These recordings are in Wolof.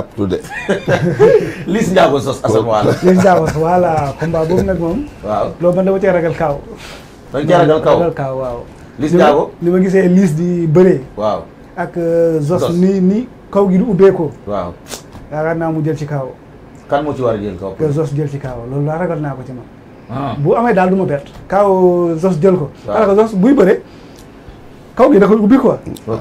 ab tuddee. Liss Ndiago sos Assane Wala. Liss Ndiago voilà combat boobu nag moom. waaw loolu man dama cee kaaw. dama cee ragal kaaw ragal kaaw waaw. li ma gisee Liss di bëree. waaw ak euh, Zos. ni ni kaw gi du ubbeekoo. waaw yaakaar naa mu jël ci kaaw. kan moo ci war a jël kaw. que Zos jël ci kaaw loolu laa ragal naa ko ci man. Ah. bu amee daal du ma bett. kaaw euh, Zos jël ko. waaw alors que Zos buy bëree. kaw gi da koy ubbi quoi. Ah,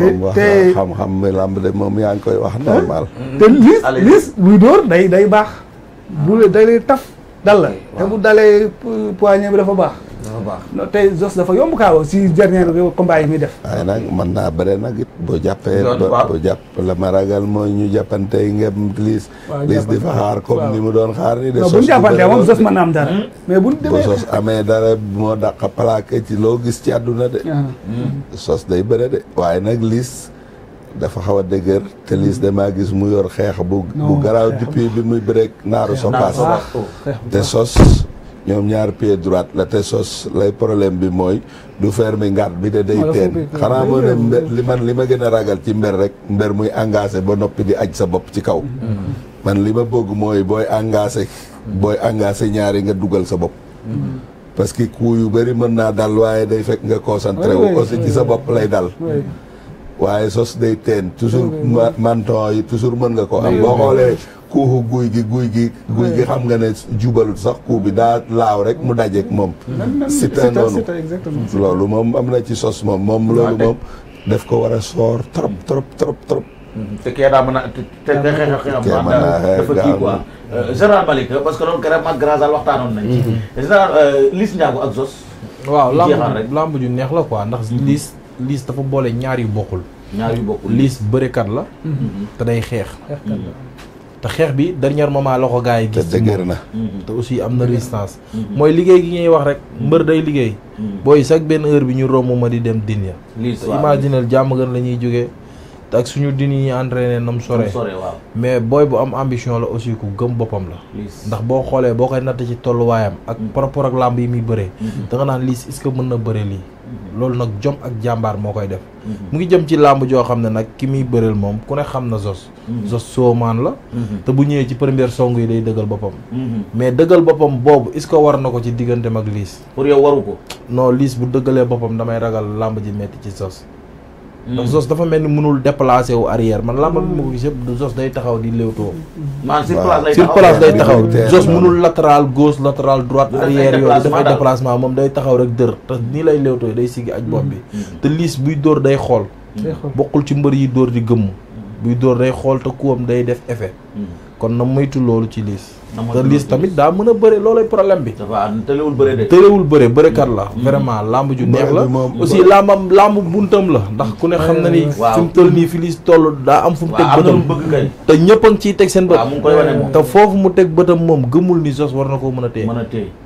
te te xam-xam bi làmb de moom yaa ngi koy na normal. te liis liis buy dóor day day baax. Ah. bu day lay taf dal la. te bu dalee poignet bi dafa baax. non tey Zoss dafa yomb kaaw si dernier combat yi muy def waaye nag man naa bëre nag it boo jàppee boo jàpp la ma ragal mooy ñu jàppantey ngem liis liis di fa xaar comme mu doon xaar de bu ñu jàppantee moom Zoss na am dara hmm? bu demee amee dara moo dàq plaqué ci loo gis ci àdduna de ah. hmm. Zoss day bëre de waaye nag liis dafa xaw a dëgër te liis hmm. damaa gis mu yor xeex bu bu garaaw depuis bi muy bëreek naaru sopaas te Zoss ñoom ñaar pied droite la te sos lay problème bi mooy du fer mi ngat bi te day teen xanaa moo ne mber li man li ma gën a ragal ci mber rek mber muy engagé ba noppi di aj sa bopp ci kaw mm-hmm. man li ma bëgg mooy booy engagé booy engagé ñaari nga dugal sa bopp mm-hmm. parce que coup yu bëri mën naa dal waaye day fekk nga concentré wu aussi ci sa bopp lay dal waaye sos day teen toujours manton yi toujours mën nga ko am boo xoolee kuuxu guy gi guy gi xam nga ne jubalut sax kuu bi daa laaw rek mu dajeek moom sita noonu loolu moom am na ci sos moom moom loolu moom daf ko war a soor trop trop trop trop mm-hmm. te kee daa te te xeexeex am dafa kii quoi euh, que loolu keroog mag Grand Sall waxtaanoon nañ ci mm-hmm. général euh, Liss Ndiago waaw lamb neex la quoi ndax mm-hmm. Liss liis dafa boole ñaar yu bokkul ñaar yu bokkul bërekat la te day xeex te xeex bi dernier moment la ko gars yi gis na te aussi am na résistance mm-hmm. mooy liggéey gi ñuy wax rek mm-hmm. mbër day liggéey mm-hmm. booy chaque benn heure bi ñu romb ma di dem din ya te imaginel jàmm gën la ñuy jógee te ak suñu din yi ñu entraîné nam sore mais booy bu am ambition la aussi ku gëm boppam la ndax boo xoolee boo koy natt ci tolluwaayam ak par ak làmb yi muy bëree da nga naan lii est que mën na bëre lii loolu nag jom ak jàmbaar moo koy def. Mm-hmm. mu ngi jëm ci làmb joo xam ne nag ki muy bëreel moom ku ne xam na Zos. Mm-hmm. Zos soomaan la. Mm-hmm. te bu ñëwee ci première song yi day dëggal boppam. mais dëggal boppam boobu est-ce que war na ko ci digganteem ak liis. pour yow waru ko. non liis bu dëggalee boppam damay ragal làmb ji metti ci Zos. Mm. ndax Zoss dafa mel ni mënul déplacé wu arrière ma ko gis yëpp du taxaw di léewtoo. maanaam mm. sur place lay taxaw sur place day taxaw Zoss mënul droite arrière yooyu dafay déplacement moom day taxaw rek dër te nii lay léewtoo day siggi ak bopp bi mm. te liis buy dóor day xool bokkul ci mbër yi dóor di gëmm buy door day xool te kuwam day def effet. Hmm. kon na moytu loolu ci liis. te liis tamit daa mën a bëre loolay problème bi. dafa tëlewul bëre de. tëlewul bëre bërekat la. Hmm. vraiment lamb ju neex la aussi làmb lamb buntam la ndax ku ne xam na ni. waaw fi nii fi liis toll daa am fu mu teg bëtam te ñëpp ciy teg seen bët. te foofu mu teg bëtam moom gëmul ni Zoss war na ko mën a téye.